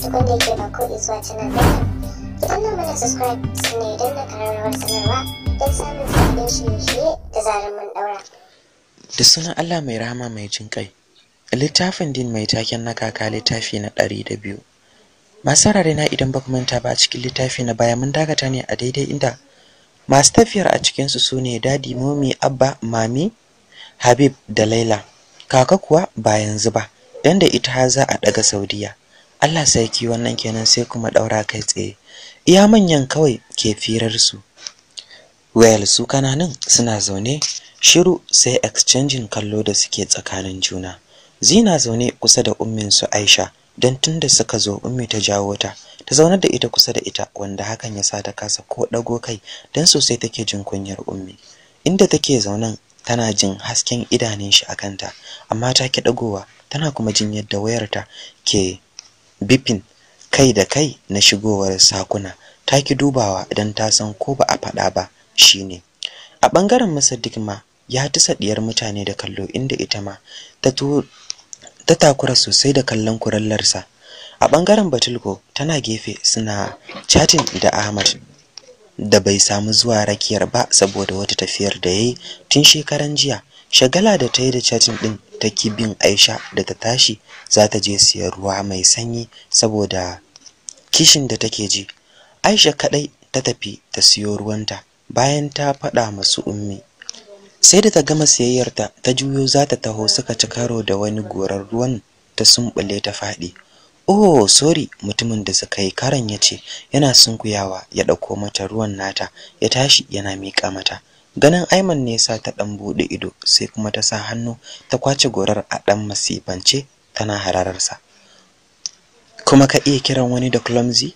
duk wanda yake ba ko zuwa canal ɗin ki danna mana subscribe sannan ya danna ƙararrawar sanarwa don samun da zarar mun ɗaura. da sunan Allah mai rahama mai jin kai littafin din mai taken na kaka littafi na ɗari da biyu masu na idan baku manta ba a cikin littafi na baya mun dakata ne a daidai inda masu tafiyar a cikinsu su sune dadi momi abba mami habib da laila kaka kuwa ba yanzu ba dan da ita za a daga saudiya Allah sarki wannan kenan sai kuma daura kai tsaye iya manyan kawai ke firar su well su kananan suna zaune shiru sai exchanging kallo da suke tsakanin juna zina zaune kusa da ummin su Aisha don tunda suka zo ummi ta jawo ta ta zaunar da ita kusa da ita wanda hakan ya sa ta kasa ko dago kai don sosai take jin kunyar ummi inda take zaunan tana jin hasken idanun shi akanta amma ta ki dagowa tana kuma jin yadda wayarta ke bifin kai da kai na shigowar sakuna ta ki dubawa idan ta san ko ba a faɗa ba shi ne. a ɓangaren Musaddiq ma ya ci sadiyar mutane da kallo inda ita ma ta takura sosai da kallon kurallarsa a ɓangaren Batulko tana gefe suna Chatin da Ahmad da bai samu zuwa rakiyar ba saboda wata tafiyar da ya yi tun shekaran jiya shagala da ta yi da chatin ɗin ta kibin Aisha da ta tashi za ta je siyar ruwa mai sanyi saboda kishin da take ji Aisha kadai ta tafi ta siyo ruwanta bayan ta faɗa masu ummi sai da ta gama siyayyarta ta juyo za ta taho suka ci karo da wani gorar ruwan ta sumbule ta faɗi oh sorry mutumin da suka yi karan ya ce yana sunkuyawa ya ɗauko mata ruwan nata ya tashi yana miƙa mata ganin aiman ne sa ta dan bude ido sai kuma ta sa hannu ta kwace gorar a dan masifance tana harararsa kuma ka iya kiran wani da clumsy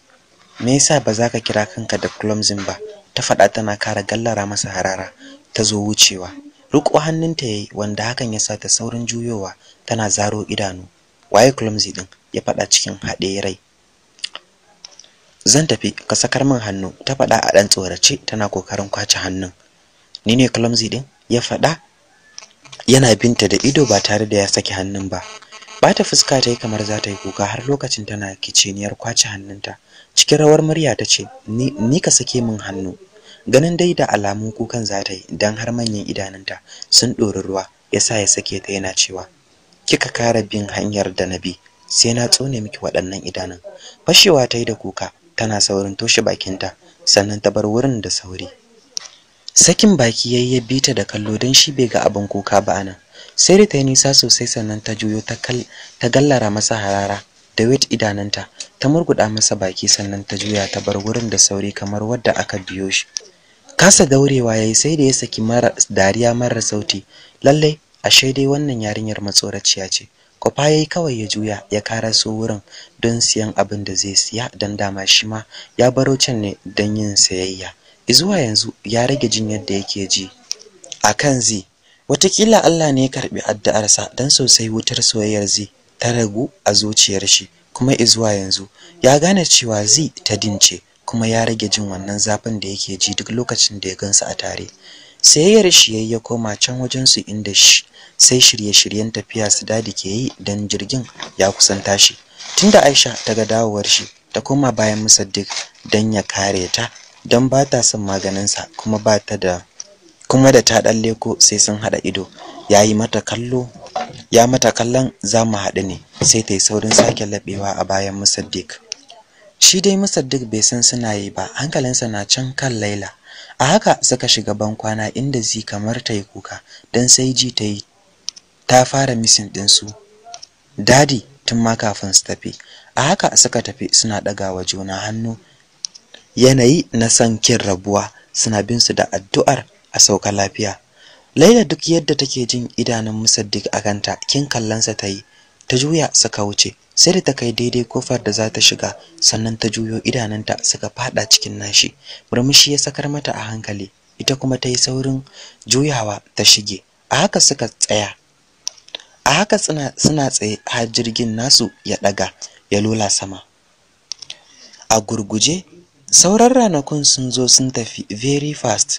me yasa ba za ka kira kanka da clumsy ba ta faɗa tana kara gallara masa harara ta zo wucewa riko hannunta yayi wanda hakan ya sa ta saurin juyowa tana zaro idanu waye clumsy din ya faɗa cikin haɗe rai zan tafi ka sakar min hannu ta faɗa a ɗan tsorace tana kokarin kwace hannun ni ne clumsy din ya faɗa yana binta da ido ba tare da ya saki hannun ba Ba ta fuska ta yi kamar za ta yi kuka har lokacin tana kiciniyar kwace hannunta cikin rawar murya ta ce ni ka sake min hannu ganin dai da alamun kukan za ta yi don har manyan idanunta sun ɗori ruwa ya sa ya sake ta yana cewa kika kara bin hanyar da na bi sai na tsone miki waɗannan idanun fashewa ta yi da kuka tana saurin toshe bakinta sannan ta bar wurin da sauri sakin baki yayi ya bita da kallo don shi bai ga abin kuka ba anan sai da ta yi nisa sosai sannan ta juyo ta kal ta gallara masa harara da wit idananta ta murguda masa baki sannan ta juya ta bar wurin da sauri kamar wadda aka biyo shi kasa daurewa yayi sai da ya saki mara dariya mara sauti lalle ashe dai wannan yarinyar matsoraciya ce kofa yayi kawai ya juya ya karaso wurin don siyan abin da zai siya dan dama shi ma ya baro can ne don yin sayayya zuwa yanzu ya rage jin yadda yake ji akan zi watakila Allah ne ya karbi addu'arsa dan sosai wutar soyayyar zi ta ragu a zuciyar shi kuma izuwa yanzu ya gane cewa zi ta dince kuma ya rage jin wannan zafin da yake ji duk lokacin da ya gansu a tare sayayyar shi ya koma can wajen su inda shi sai shirye-shiryen tafiya su dadi ke yi dan jirgin ya kusan tashi tunda Aisha ta ga dawowar shi ta koma bayan Musaddiq dan ya kare ta don ba ta son maganinsa kuma ba ta da kuma da ta dalle ko sai sun haɗa ido yayi mata kallo ya mata kallon za mu haɗu ne sai ta yi saurin sake laɓewa a bayan musaddiq shi dai musaddiq bai san suna yi ba hankalinsa na can kan laila a haka suka shiga bankwana inda zi kamar ta yi kuka don sai ji ta yi ta fara misin ɗinsu dadi tun ma kafin su tafi a haka suka tafi suna ɗagawa juna hannu yanayi na san kin rabuwa suna bin su da addu'ar a sauka lafiya Laila duk yadda take jin idanun Musaddiq a kanta kin kallansa ta yi ta juya suka wuce sai da ta kai daidai kofar da za ta shiga sannan ta juyo idanunta suka fada cikin nashi murmushi ya sakar mata a hankali ita kuma ta yi saurin juyawa ta shige a haka suka tsaya a haka suna tsaye har jirgin nasu ya daga ya lula sama a gurguje sauran ranakun sun zo sun tafi very fast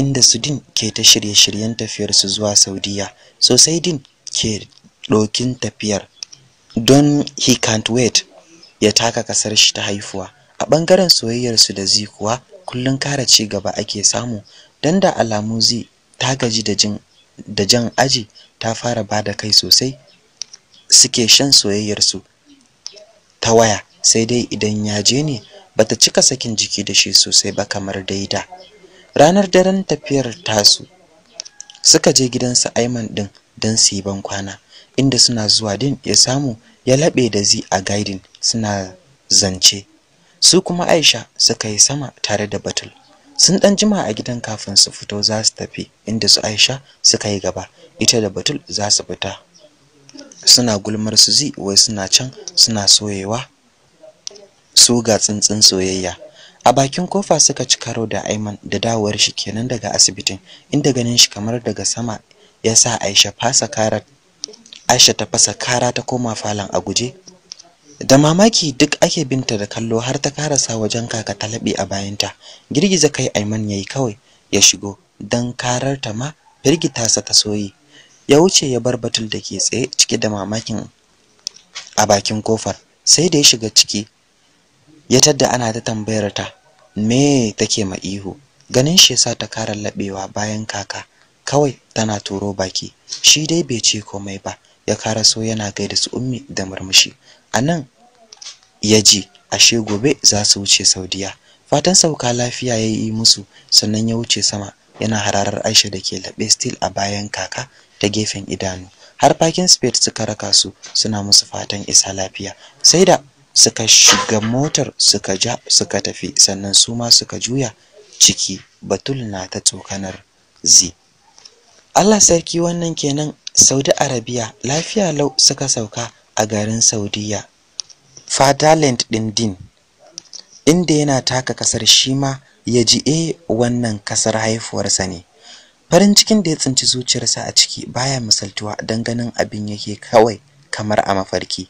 inda su din ke ta shirye-shiryen tafiyar su zuwa saudiya sosai din ke ɗokin tafiyar don he can't wait ya taka kasar shi ta haifuwa a ɓangaren soyayyarsu da zi kuwa kullum kara ci gaba ake samu don da alamu zi ta gaji da jan aji ta fara ba da kai sosai suke shan soyayyarsu ta waya sai dai idan ya je ne bata cika sakin jiki da shi sosai ba kamar daida ranar daren tafiyar tasu suka je gidansa Aiman din don su yi bankwana inda suna zuwa din ya samu ya laɓe da zi a gadin suna zance su kuma Aisha suka yi sama tare da Batul sun dan jima a gidan kafin su fito za su tafi inda su Aisha suka yi gaba ita da Batul za su fita suna gulmar su zi wai suna can suna soyewa so ga tsintsin soyayya a bakin kofa suka ci karo da Aiman da dawowar shi kenan daga asibitin inda ganin shi kamar daga sama ya sa Aisha fasa kara Aisha ta fasa kara ta koma falon a guje da mamaki duk ake binta da kallo har ta karasa wajen kaka talabi a bayanta girgiza kai Aiman yayi kawai ya shigo dan karar ta ma firgita sa ta soyi ya wuce ya bar batul da ke tsaye cike da mamakin a bakin kofar sai da ya shiga ciki ya tadda ana ta tambayar ta me take ma ihu ganin shi yasa ta kara labewa bayan kaka kawai tana turo baki shi dai bai ce komai ba ya kara so yana gaida su ummi da murmushi anan ya ji ashe gobe za su wuce Saudiya fatan sauka lafiya ya yi musu sannan ya wuce sama yana hararar Aisha da ke laɓe still a bayan kaka ta gefen idanu har parking space suka raka su suna musu fatan isa lafiya sai da suka shiga motar suka ja suka tafi sannan su ma suka juya ciki batul na ta tsokanar zi Allah sarki wannan kenan Saudi Arabia lafiya lau suka sauka a garin Saudiya Fatherland din din inda yana taka kasar shi ma ya ji eh wannan kasar haifuwarsa ne farin cikin da ya tsinci zuciyarsa a ciki baya misaltuwa don ganin abin yake kawai kamar a mafarki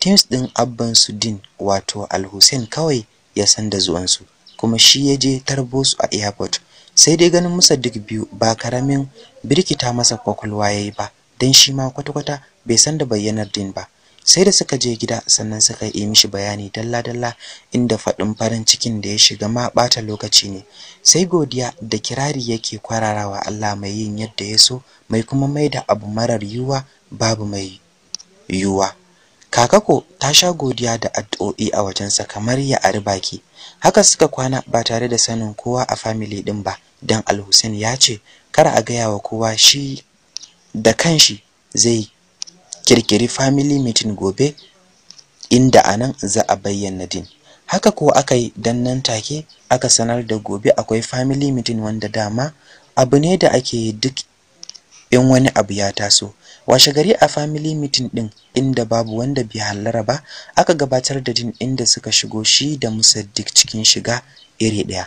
Teams ɗin abban su din wato Al-Hussein kawai ya san da zuwansu kuma shi ya je tarbo su a airport. Sai dai ganin duk biyu ba karamin birkita masa kwakwalwa yayi ba dan shi ma kwata-kwata bai san da bayyanar din ba. Sai da suka je gida sannan suka yi mishi bayani dalla-dalla inda faɗin farin cikin da ya shiga ma ɓata lokaci ne. Sai godiya da kirari yake kwararawa Allah mai yin yadda ya so mai kuma mai da abu marar yiwuwa babu mai yiwuwa. kakako ta sha godiya da addu'o'i a wajensa kamar ya ari baki haka suka kwana ba tare da sanin kowa a family din ba dan alhussein ya ce kar a gaya wa kowa shi da kanshi zai kirkiri family meeting gobe inda anan za a bayyana din haka ko aka yi dan nan take aka sanar da gobe akwai family meeting wanda dama abu ne da ake yi duk in wani abu ya taso washe gari a family meeting din inda babu wanda bai hallara ba aka gabatar da din inda suka shigo shi da musaddik cikin shiga iri daya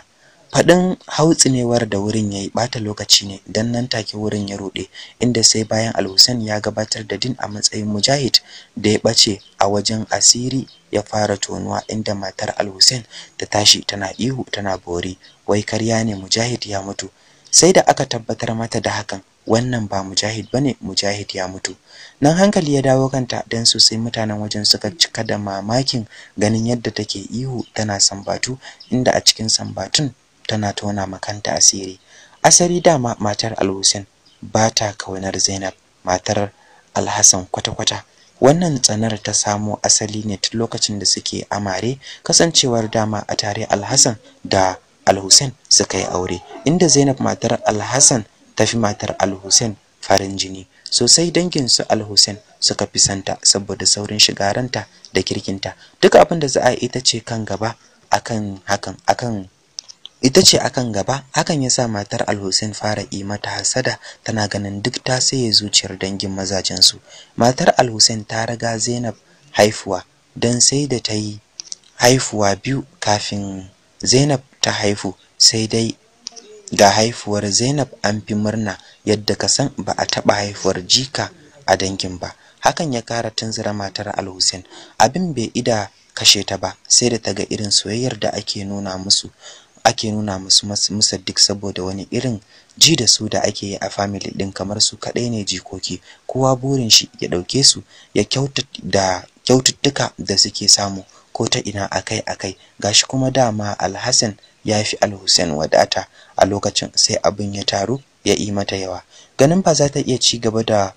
faɗin hautsinewar da wurin yayi yi ɓata lokaci ne dan nan take wurin ya rude, inda sai bayan alhussein ya gabatar da din a matsayin mujahid da ya ɓace a wajen asiri ya fara tonuwa inda matar alhussein ta tashi tana ihu tana bori wai karya ne mujahid ya mutu sai da aka tabbatar mata da hakan wannan ba mujahid bane mujahid ya mutu nan hankali ya dawo kanta dan sosai mutanen wajen suka cika da mamakin ganin yadda take ihu tana sambatu inda a cikin sambatun tana tona makanta asiri asali dama matar alhusin ba ta kaunar zainab matar alhassan kwata-kwata wannan tsanar ta samo asali ne tun lokacin da suke amare kasancewar dama a tare alhassan da alhussein suka yi aure inda zainab matar alhassan tafi matar al farin jini sosai dangin su al suka fi santa saboda saurin shigaranta da kirkinta duk abin da za a ita ce kan gaba akan hakan akan ita ce akan gaba hakan yasa matar al fara yi mata hasada tana ganin duk ta saye zuciyar dangin mazajen su matar al ta raga Zainab haifuwa dan sai da ta yi haifuwa biyu kafin Zainab ta haifu sai dai da haifuwar Zainab an fi murna yadda ka san ba a taɓa haifuwar jika a dangin ba hakan ya ƙara tunzura matar Al-Hussein abin bai ida kashe ta ba sai da ta ga irin soyayyar da ake nuna musu ake nuna musu musaddik saboda wani irin ji da su da ake yi a family din kamar su kaɗai ne jikoki kowa burin shi ya ɗauke su ya da kyaututtuka da suke samu ko ta ina akai akai gashi kuma dama alhassan ya fi alhussein wadata a lokacin sai abin ya taru ya yi mata yawa ganin ba za ta iya ci gaba da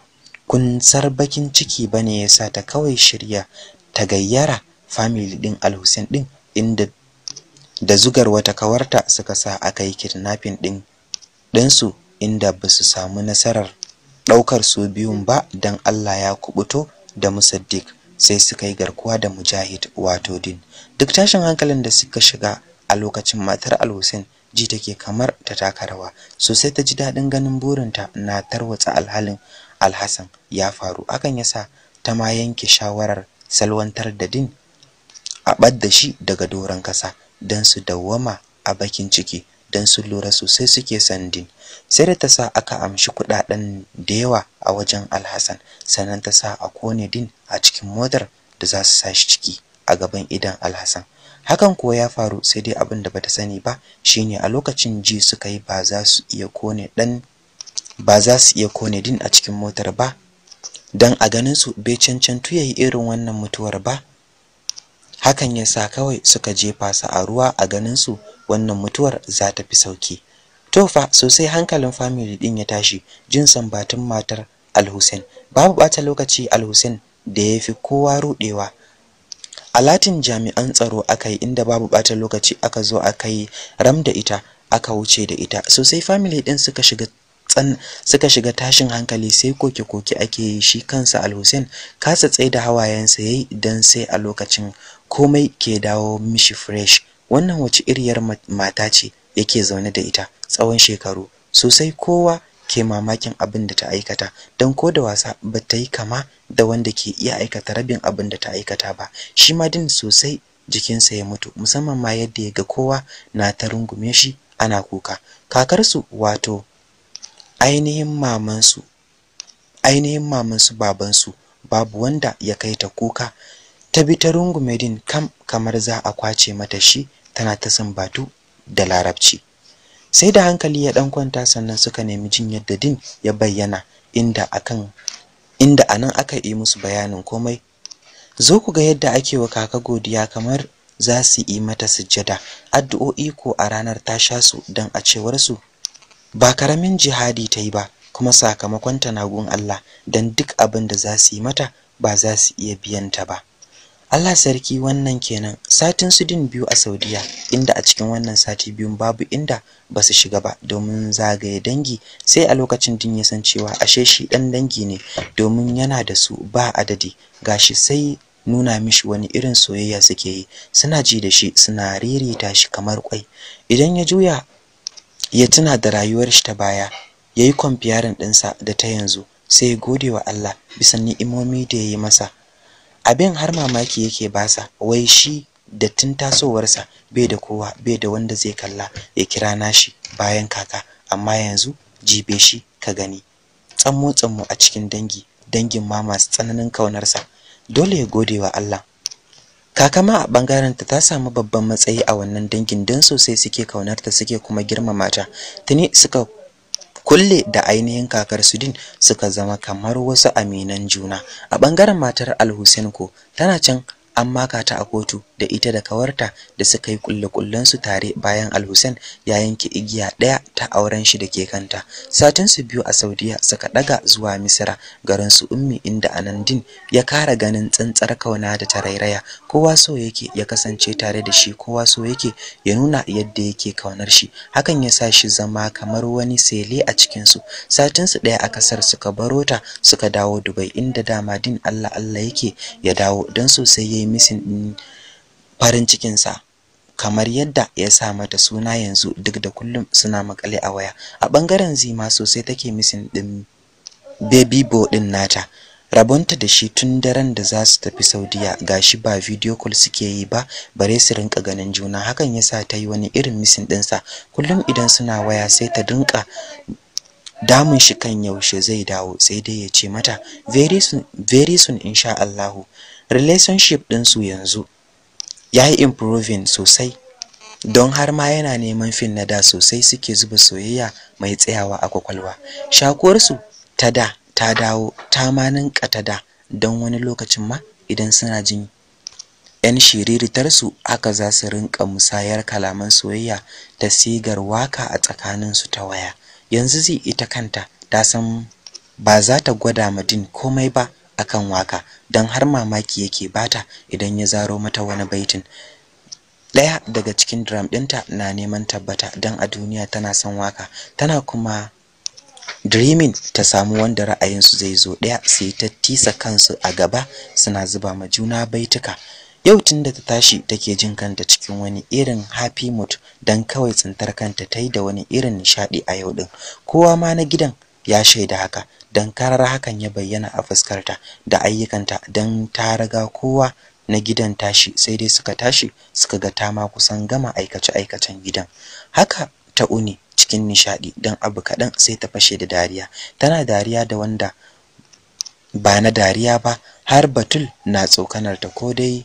kunsar bakin ciki ba bane yasa ta kawai shirya ta gayyara family din Al-Hussein din inda da zugar wata kawarta suka sa aka yi kidnapping din ɗinsu inda ba su samu nasarar ɗaukar su biyun ba dan Allah ya kubuto da Musaddiq sai suka yi garkuwa da Mujahid wato din duk tashin hankalin da suka shiga a lokacin matar al ji take kamar ta taka rawa sosai ta ji daɗin ganin burinta na tarwatsa alhalin alhassan ya faru akan yasa ta ma yanke shawarar salwantar da din a ɓadda shi daga doron kasa don su dawwama a bakin ciki don su lura sosai suke sandin, sai da ta sa aka amshi kuɗaɗen da yawa a wajen alhassan sannan ta sa a kone din a cikin motar da za su sa shi ciki a gaban idan alhassan hakan kuwa ya faru sai dai abin da bata sani ba shine a lokacin ji suka yi ba za su iya kone dan ba za su iya kone din a cikin motar ba dan a ganin su bai cancantu yayi irin wannan mutuwar ba hakan ya sa kawai suka jefa su a ruwa a ganin su wannan mutuwar za ta fi sauki to fa sosai hankalin family din ya tashi jin sambatun matar Al-Hussein babu bata lokaci Al-Hussein da fi kowa rudewa alatin jami'an tsaro aka yi inda babu bata lokaci aka zo aka yi ram da ita aka wuce da ita sosai family din suka shiga tsan suka shiga tashin hankali sai koke-koke ake yi shi kansa al kasa tsaye da hawayensa yayi dan sai a lokacin komai ke dawo mishi fresh wannan wace iriyar mata ce yake zaune da ita tsawon shekaru sosai kowa ke mamakin abin da ta aikata don ko da wasa ba ta yi kama da wanda ke iya aikata rabin abin da ta aikata ba shi ma din sosai jikinsa ya mutu musamman ma yadda ya ga kowa na ta rungume shi ana kuka kakarsu wato ainihin mamansu ainihin mamansu babansu babu wanda ya kai ta kuka ta bi ta rungume din kam kamar za a kwace mata shi tana ta sumbatu da larabci sai da hankali ya dan kwanta sannan suka nemi jin yadda din ya bayyana inda akan inda anan aka yi musu bayanin komai zo ku ga yadda ake wa kaka godiya kamar za su yi mata sujjada addu'o'i ko a ranar ta sha su dan a cewar su ba karamin jihadi ta yi ba kuma sakamakon tanagun Allah dan duk abin da za su yi mata ba za su iya biyan ta ba Allah sarki wannan kenan satin su din biyu a Saudiya inda a cikin wannan sati biyu babu inda ba su shiga ba domin zagaye dangi sai a lokacin din ya san cewa ashe shi dan dangi ne domin yana da su ba adadi gashi sai nuna mishi wani irin soyayya suke yi suna ji da shi suna ririta shi kamar kwai idan ya juya ya tuna da rayuwar shi ta baya yayi kwamfiyarin dinsa da ta yanzu sai godewa Allah bisa ni'imomi da ya yi masa abin har mamaki yake basa wai shi da tun tasowarsa bai da kowa bai da wanda zai kalla ya kira nashi bayan kaka amma yanzu jibe shi ka gani tsammo tsammo a cikin dangi dangin ma masu tsananin kaunarsa dole ya gode wa Allah kaka ma a bangarenta ta samu babban matsayi a wannan dangin don sosai suke kaunarta suke kuma girmamata. tuni suka kulle da ainihin kakar sudin suka zama kamar wasu aminan juna a ɓangaren matar alhussein ko tana can an maka ta a kotu da ita da kawarta da suka yi kulle-kullen su tare bayan Al-Hussein ya yanke igiya ɗaya ta auren shi da ke kanta. Satin su biyu a Saudiya suka daga zuwa misra garin su Ummi inda Anandin ya kara ganin tsantsar kauna da tarairaya. Kowa so yake ya kasance tare da shi, kowa so yake ya nuna yadda yake kaunar shi. Hakan ya sa shi zama kamar wani sele a cikin su. Satin su ɗaya a kasar suka barota suka dawo Dubai inda damadin din Allah Allah yake ya dawo don sosai misin ɗin farin cikinsa kamar yadda ya sa mata suna yanzu duk da kullum suna makale a waya a ɓangaren zima sosai take misin ɗin baby bo ɗin nata rabonta da shi tun daren da za su tafi saudiya gashi ba video call suke yi ba bare su rinka ganin juna hakan yasa ta yi wani irin misin ɗinsa kullum idan suna waya sai ta rinka damun shi kan yaushe zai dawo sai dai ya ce mata very soon very soon insha Allahu relationship su yanzu ya yi improving sosai don har ma yana neman fin na da sosai suke zuba soyayya mai tsayawa a kwakwalwa shakuwarsu ta da ta dawo ta ma ninka ta da don wani lokacin ma idan suna jin yan su haka za su rinka musayar kalaman soyayya da sigar waka a tsakanin su ta waya yanzu zai ita kanta ta san ba za ta gwada madin komai ba akan waka don har mamaki yake bata idan ya zaro mata wani baitin Ɗaya daga cikin drum ɗinta na neman tabbata don a duniya tana son waka tana kuma dreaming ta samu wanda ra'ayinsu zai zo ɗaya sai ta tisa kansu a gaba suna zuba ma juna baituka yau tunda ta tashi take jin kanta cikin wani irin happy mood don kawai tsintar kanta ta yi da wani irin nishaɗi a yau ɗin kowa ma na gidan ya shaida haka dan karar hakan ya bayyana a fuskarta da ayyukanta dan ta raga kowa na gidan tashi sai dai suka tashi suka ga ta ma kusan gama aikace-aikacen gidan haka ta uni cikin nishadi dan abu kaɗan sai ta fashe da dariya tana dariya da wanda ba na dariya ba har batul na tsokanar ta ko dai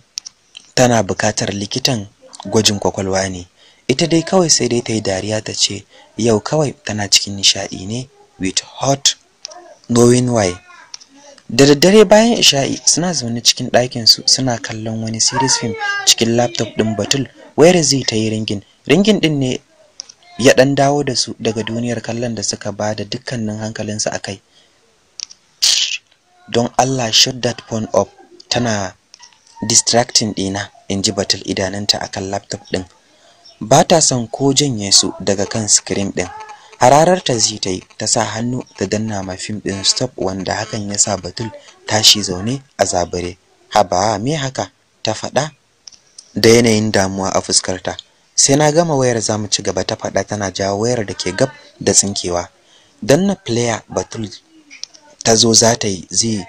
tana bukatar likitan gwajin kwakwalwa ne ita dai kawai sai dai ta yi dariya ta ce yau kawai tana cikin nishadi ne with hot knowing why da daddare bayan isha'i suna zaune cikin ɗakin su suna kallon wani series film cikin laptop ɗin batul wayar zai ta yi ringin ringin ɗin ne ya ɗan dawo da su daga duniyar kallon da suka ba da dukkanin hankalinsu a kai don allah shut that phone up tana distracting dina in ji batul idananta akan laptop din ba ta son ko janye su daga kan screen ɗin. hararar zai ta yi ta sa hannu ta danna ma fim ɗin stop wanda hakan ya sa batul tashi zaune a zabare haba me haka ta faɗa da yanayin damuwa a fuskarta sai na gama wayar za mu ci gaba ta faɗa tana jawo wayar da ke gab da tsinkewa danna player batul ta zo za ta yi zai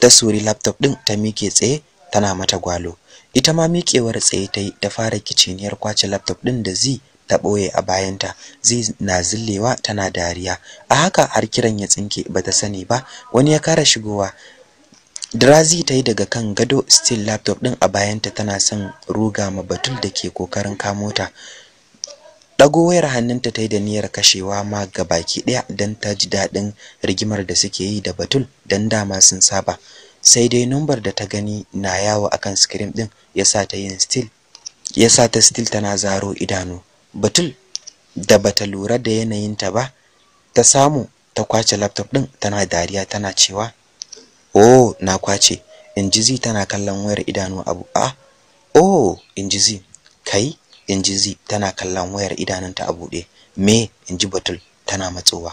ta suri laptop ɗin ta mike tsaye tana mata gwalo ita ma miƙewar tsaye ta yi ta fara kiciniyar kwace laptop ɗin da zai ta ɓoye a bayanta zai na zillewa tana dariya a haka har kiran ya tsinke bata sani ba wani ya kara shigowa Drazi ta yi daga kan gado still laptop ɗin a bayanta tana son ruga ma batul da ke kokarin kamo ta dago wayar hannunta ta yi da niyyar kashewa ma ga baki ɗaya, don ta ji daɗin rigimar da suke yi da batul don dama sun saba sai dai numbar da ta gani na yawo akan screen din sa ta yin still ta still tana zaro idanu Batul da bata lura da yanayinta ba ta samu ta kwace laptop din tana dariya tana cewa "Oh, na kwace." Inji zi tana kallon wayar idanu Abu A. "Oh," inji zi. "Kai," inji zi tana kallon wayar idanunta a buɗe. "Me?" inji Batul tana matsowa.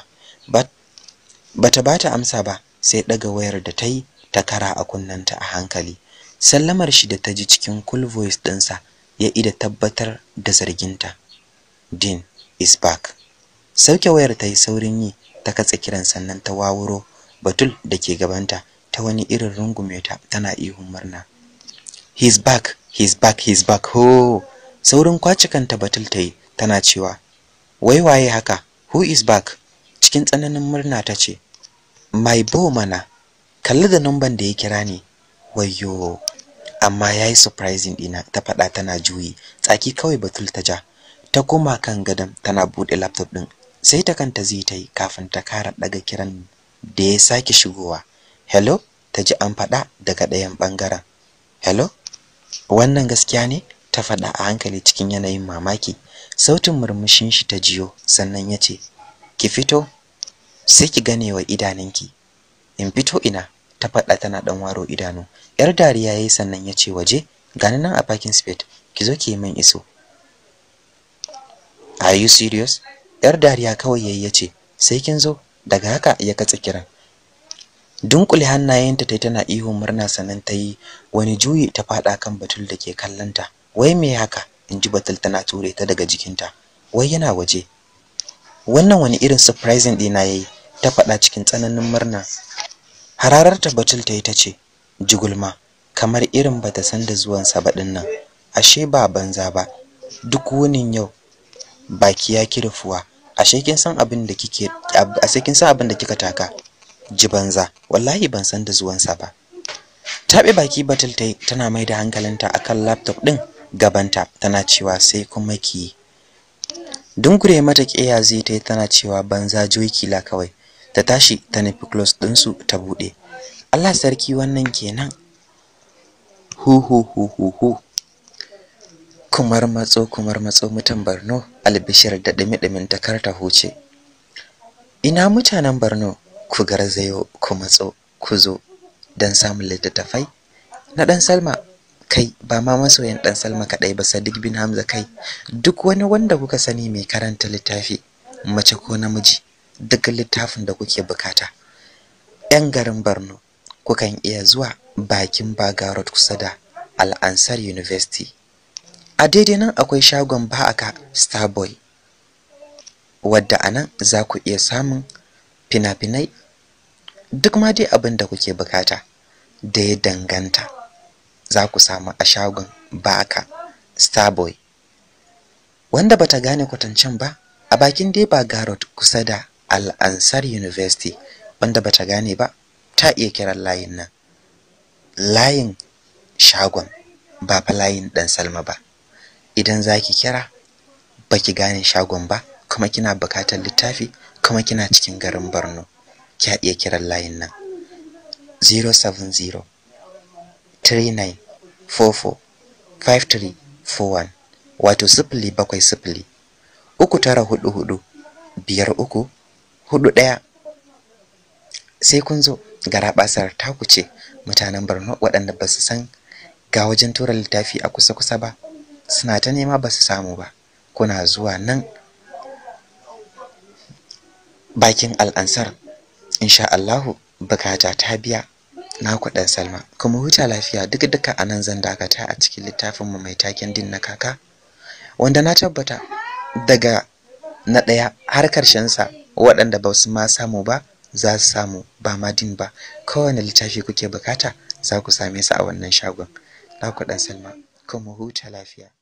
bata bata amsa ba sai daga wayar da ta yi ta kara a kunnanta a hankali. Sallamar shi da ta ji cikin cool voice ɗinsa ya ida tabbatar da zarginta. Din is back. Sauke wayar ta yi saurin yi ta katse kiran sannan ta wawuro Batul da ke gabanta ta wani irin rungumeta tana ihun murna. His back, he's back, he's back. Ho! Saurin kwaci kanta Batul ta yi tana cewa, "Wai waye haka? Who is back?" Cikin tsananin murna ta ce, "My bow mana, kalli da numban da ya kira ni." Wayyo! Amma yayi surprising ɗina ta faɗa tana juyi. Tsaki kawai Batul ta ja. ta koma kan gadon tana bude laptop ɗin sai ta kanta zai ta yi kafin ta kara daga kiran da ya sake shigowa hello ta ji an faɗa daga ɗayan bangaren hello wannan gaskiya ne ta faɗa a hankali cikin yanayin mamaki sautin murmushin shi ta jiyo sannan ya ce ki fito sai ki gane wa idanunki in fito ina ta faɗa tana ɗan waro idanu yar dariya yayi sannan ya ce waje gani nan a parking spade, ki zo ki yi min iso Are you serious? Yar dariya kawai yayi ce, sai kin zo, daga haka ya katse kiran. Dunkule hannayenta yi tana ihun murna sanan ta yi wani juyi ta faɗa kan batul da ke kallanta. Wai me haka? in ji batul tana ture ta daga jikinta. Wai yana waje. Wannan wani irin surprising dina yayi, ta faɗa cikin tsananin murna. Hararar ta batul ta yi ta ce, "Jigulma, kamar irin bata san da zuwansa ba nan, Ashe ba banza ba. Duk wunin yau baki ya ki rufuwa ashe kin san abin da kike ashe kin san abin da kika taka ji banza wallahi ban san da zuwansa ba tabe baki batul tai tana mai da hankalinta akan laptop din gabanta tana cewa sai kuma ki dunkure mata kiya zai tai tana cewa banza joyi kila kawai ta tashi ta nufi close din su ta bude Allah sarki wannan kenan hu hu hu hu hu kumar matso kumar matso mutan Borno albishir da dumi-dumin takar ta huce ina mutanen Borno ku garzayo ku matso ku zo dan samun littattafai na dan Salma kai ba ma masoyan ɗan Salma kadai ba Sadiq bin Hamza kai duk wani wanda kuka sani mai karanta littafi mace ko namiji duk littafin da kuke bukata yan garin Borno kukan iya zuwa bakin bagarot kusa da al'ansar University a daidai nan akwai shagon ba'aka starboy wadda a nan za ku iya samun fina-finai duk ma dai abin da kuke bukata da ya danganta za ku samu a shagon ba'aka starboy wanda bata gane kwatancin ba a bakin dai ba garot kusa da al'ansar university wanda bata gane ba ta iya kiran layin nan layin shagon ba fa layin dan salma ba idan zaki kira baki gane shagon ba kuma kina bukatar littafi kuma kina cikin garin Borno kya iya kiran layin nan 070 39 44 wato sifili bakwai sifili uku tara hudu hudu biyar uku hudu ɗaya sai kun zo garaɓasar taku ce mutanen barno waɗanda ba su san ga wajen tura littafi a kusa-kusa ba suna ta nema ba su samu ba kuna zuwa nan bakin al'ansar insha Allahu bukata ta biya na kudin Salma kuma huta lafiya duk duka anan zan dakata a cikin littafin mu mai taken din na kaka wanda na tabbata daga na ɗaya har karshen sa waɗanda ba su ma samu ba za su samu ba ma din ba kowane littafi kuke bukata za ku same su a wannan shagon na kudin Salma kuma huta lafiya